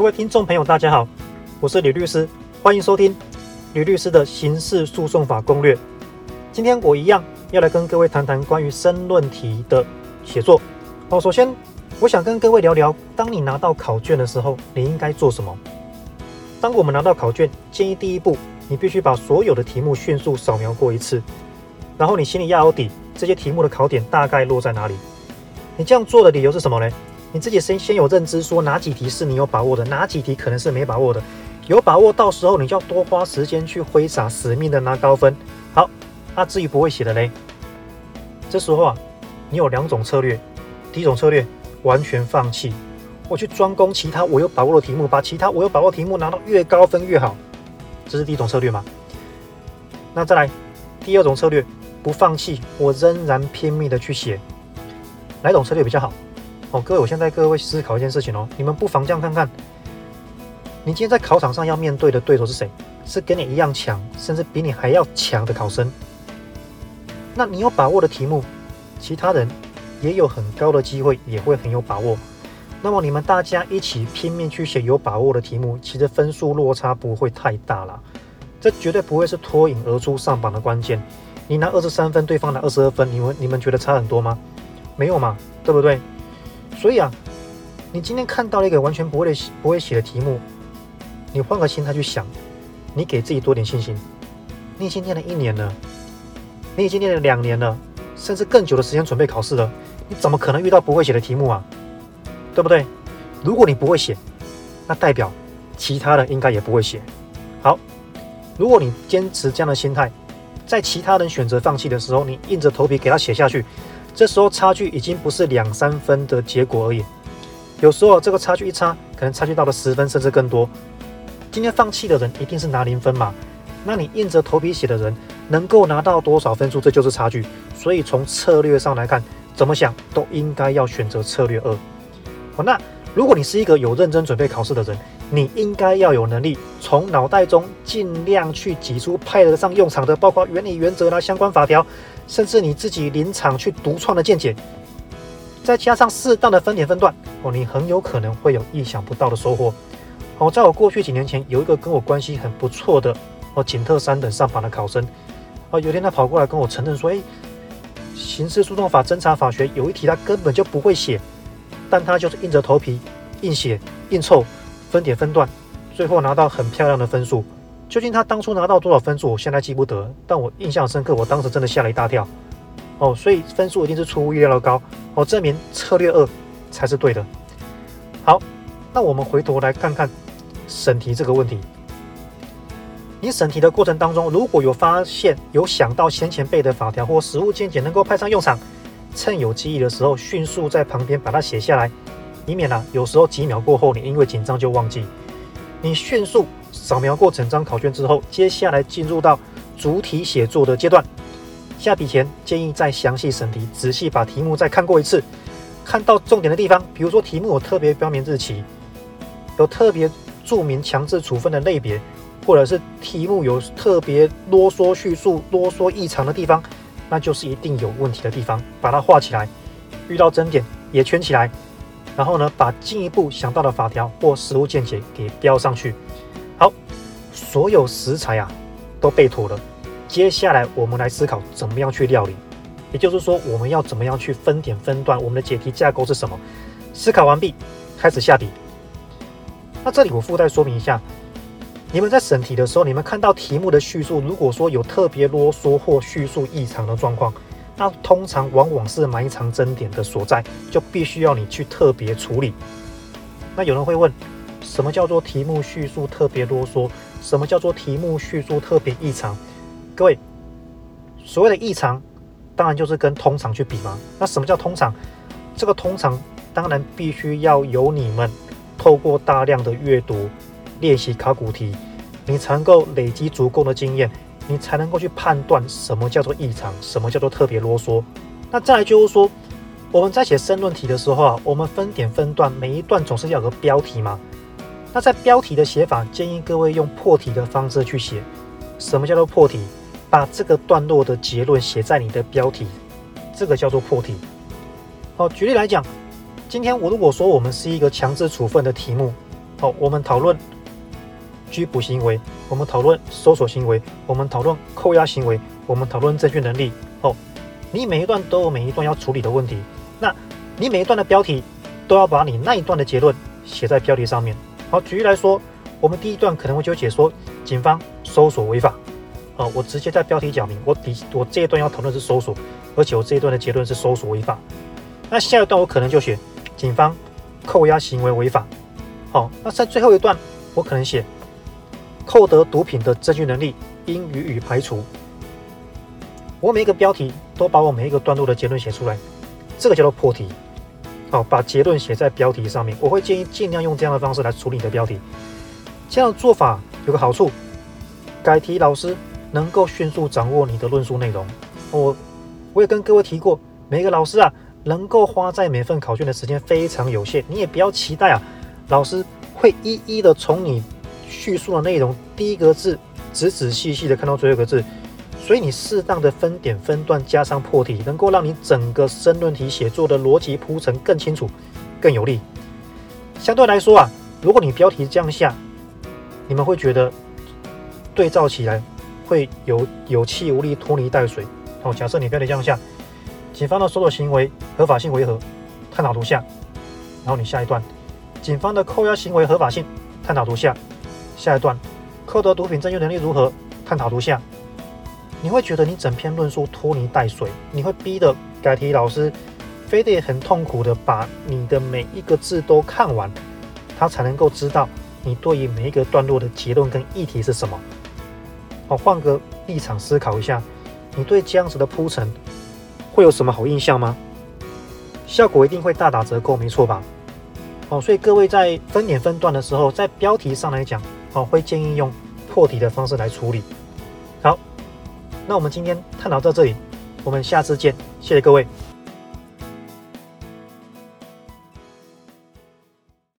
各位聽眾朋友，大家好，我是呂律師，歡迎收聽呂律師的《刑事訴訟法攻略》。今天我一樣要來跟各位談談關於申論題的寫作。好、哦，首先我想跟各位聊聊，當你拿到考卷的時候，你應該做什麼？當我們拿到考卷，建議第一步，你必須把所有的題目迅速掃描過一次，然後你心裡壓好底，這些題目的考點大概落在哪裡？你這樣做的理由是什麼呢？你自己先先有認知，說哪幾題是你有把握的，哪幾題可能是沒把握的。有把握，到時候你就要多花時間去揮灑，死命的拿高分。好,那至於不會寫的嘞，這時候啊,你有兩種策略。第一種策略,完全放棄，我去專攻其他我有把握的題目,把其他我有把握題目拿到越高分越好,這是第一種策略嘛。那再來,第二種策略,不放棄，我仍然拼命的去寫，哪種策略比較好？哦，各位，我先帶各位思考一件事情哦。你們不妨這樣看看：你今天在考場上要面對的對手是誰？是跟你一樣強，甚至比你還要強的考生。那你有把握的題目，其他人也有很高的機會也會很有把握。那麼你們大家一起拼命去寫有把握的題目，其實分數落差不會太大啦，這絕對不會是脫穎而出上榜的關鍵。你拿二十三分，對方拿二十二分，你們你們覺得差很多嗎？沒有嘛，對不對？所以啊，你今天看到了一個完全不會不會寫的題目，你換個心態去想，你給自己多點信心。你已經練了一年了，你已經練了兩年了，甚至更久的時間準備考試了，你怎麼可能遇到不會寫的題目啊？對不對？如果你不會寫，那代表其他人應該也不會寫。好，如果你堅持這樣的心態，在其他人選擇放棄的時候，你硬着頭皮給他寫下去。這時候差距已經不是兩三分的結果而已，有時候這個差距一差，可能差距到了十分甚至更多。今天放棄的人一定是拿零分嘛？那你硬着頭皮寫的人，能夠拿到多少分數，這就是差距。所以從策略上來看，怎麼想都應該要選擇策略二。好，那如果你是一個有認真準備考試的人。你應該要有能力，從腦袋中盡量去擠出派得上用場的，包括原理、原則啦，相關法條，甚至你自己臨場去獨創的見解，再加上適當的分點分段，哦，你很有可能會有意想不到的收穫。好，在我過去幾年前，有一個跟我關係很不錯的哦，警特三等上榜的考生，哦，有天他跑過來跟我承認說：“誒，刑事訴訟法、偵查法學有一題他根本就不會寫，但他就是硬着頭皮硬寫硬湊。”分點分段，最後拿到很漂亮的分數。究竟，他當初拿到多少分數，我現在記不得。但我印象深刻，我當時真的嚇了一大跳。哦，所以分數一定是出乎意料的高。哦，證明策略二才是對的。好，那我們回頭來看看審題這個問題。你審題的過程當中，如果有發現有想到先前背的法條或實務見解能夠派上用場，趁有記憶的時候，迅速在旁邊把它寫下來。以免啊，有時候幾秒過後，你因為緊張就忘記。你迅速掃描過整張考卷之後，接下來進入到主體寫作的階段。下筆前建議再詳細審題，仔細把題目再看過一次。看到重點的地方，比如說題目有特別標明日期，有特別注明強制處分的類別，或者是題目有特別囉嗦敘述、囉嗦異常的地方，那就是一定有問題的地方，把它畫起來。遇到爭點也圈起來。然後呢，把進一步想到的法條或實務見解給標上去。好，所有食材啊都備妥了。接下來我們來思考怎麼樣去料理，也就是說我們要怎麼樣去分點分段，我們的解題架構是什麼？思考完畢，開始下筆。那這裡我附帶說明一下，你們在審題的時候，你們看到題目的敘述，如果說有特別囉嗦或敘述異常的狀況。那通常往往是埋藏爭點的所在，就必須要你去特別處理。那有人會問，什麼叫做題目敘述特別囉嗦？什麼叫做題目敘述特別異常？各位，所謂的異常，當然就是跟通常去比嘛。那什麼叫通常？這個通常，當然必須要由你們透過大量的閱讀、練習考古題，你才能夠累積足夠的經驗。你才能夠去判斷什麼叫做異常，什麼叫做特別囉嗦。那再來就是說，我們在寫申論題的時候啊，我們分點分段，每一段總是要有個標題嘛。那在標題的寫法，建議各位用破題的方式去寫。什麼叫做破題？把這個段落的結論寫在你的標題，這個叫做破題。好，舉例來講，今天我如果說我們是一個強制處分的題目，好，我們討論拘捕行為。我們討論搜索行為，我們討論扣押行為，我們討論證據能力。哦，你每一段都有每一段要處理的問題。那你每一段的標題都要把你那一段的結論寫在標題上面。好，舉例來說，我們第一段可能就寫說警方搜索違法。好、哦、我直接在標題講明我底我這一段要討論是搜索，而且我這一段的結論是搜索違法。那下一段我可能就寫警方扣押行為違法。好、哦，那在最後一段我可能寫。扣得毒品的證據能力應予以排除。我每一個標題都把我每一個段落的結論寫出來，這個叫做破題。好，把結論寫在標題上面。我會建議盡量用這樣的方式來處理你的標題。這樣做法有個好處，改題老師能夠迅速掌握你的論述內容。我我也跟各位提過，每一個老師啊，能夠花在每份考卷的時間非常有限。你也不要期待啊，老師會一一的從你。敘述的內容，第一個字仔仔細細的看到最後一個字，所以你適當的分點分段加上破題，能夠讓你整個申論題寫作的邏輯鋪陳更清楚、更有力。相對來說啊，如果你標題這樣下，你們會覺得對照起來會有有氣無力、拖泥帶水。好，哦，假設你標題這樣下，警方的搜索行為合法性為何？探討如下。然後你下一段，警方的扣押行為合法性探討如下。下一段，扣得毒品證據能力如何？探討如下。你會覺得你整篇論述拖泥帶水，你會逼得改題老師非得很痛苦的把你的每一個字都看完，他才能夠知道你對於每一個段落的結論跟議題是什麼。哦，換個立場思考一下，你對這樣子的鋪陳會有什麼好印象嗎？效果一定會大打折扣，沒錯吧？哦，所以各位在分點分段的時候，在標題上來講。好、哦，會建議用破題的方式來處理。好，那我們今天探討到這裡，我們下次見，謝謝各位。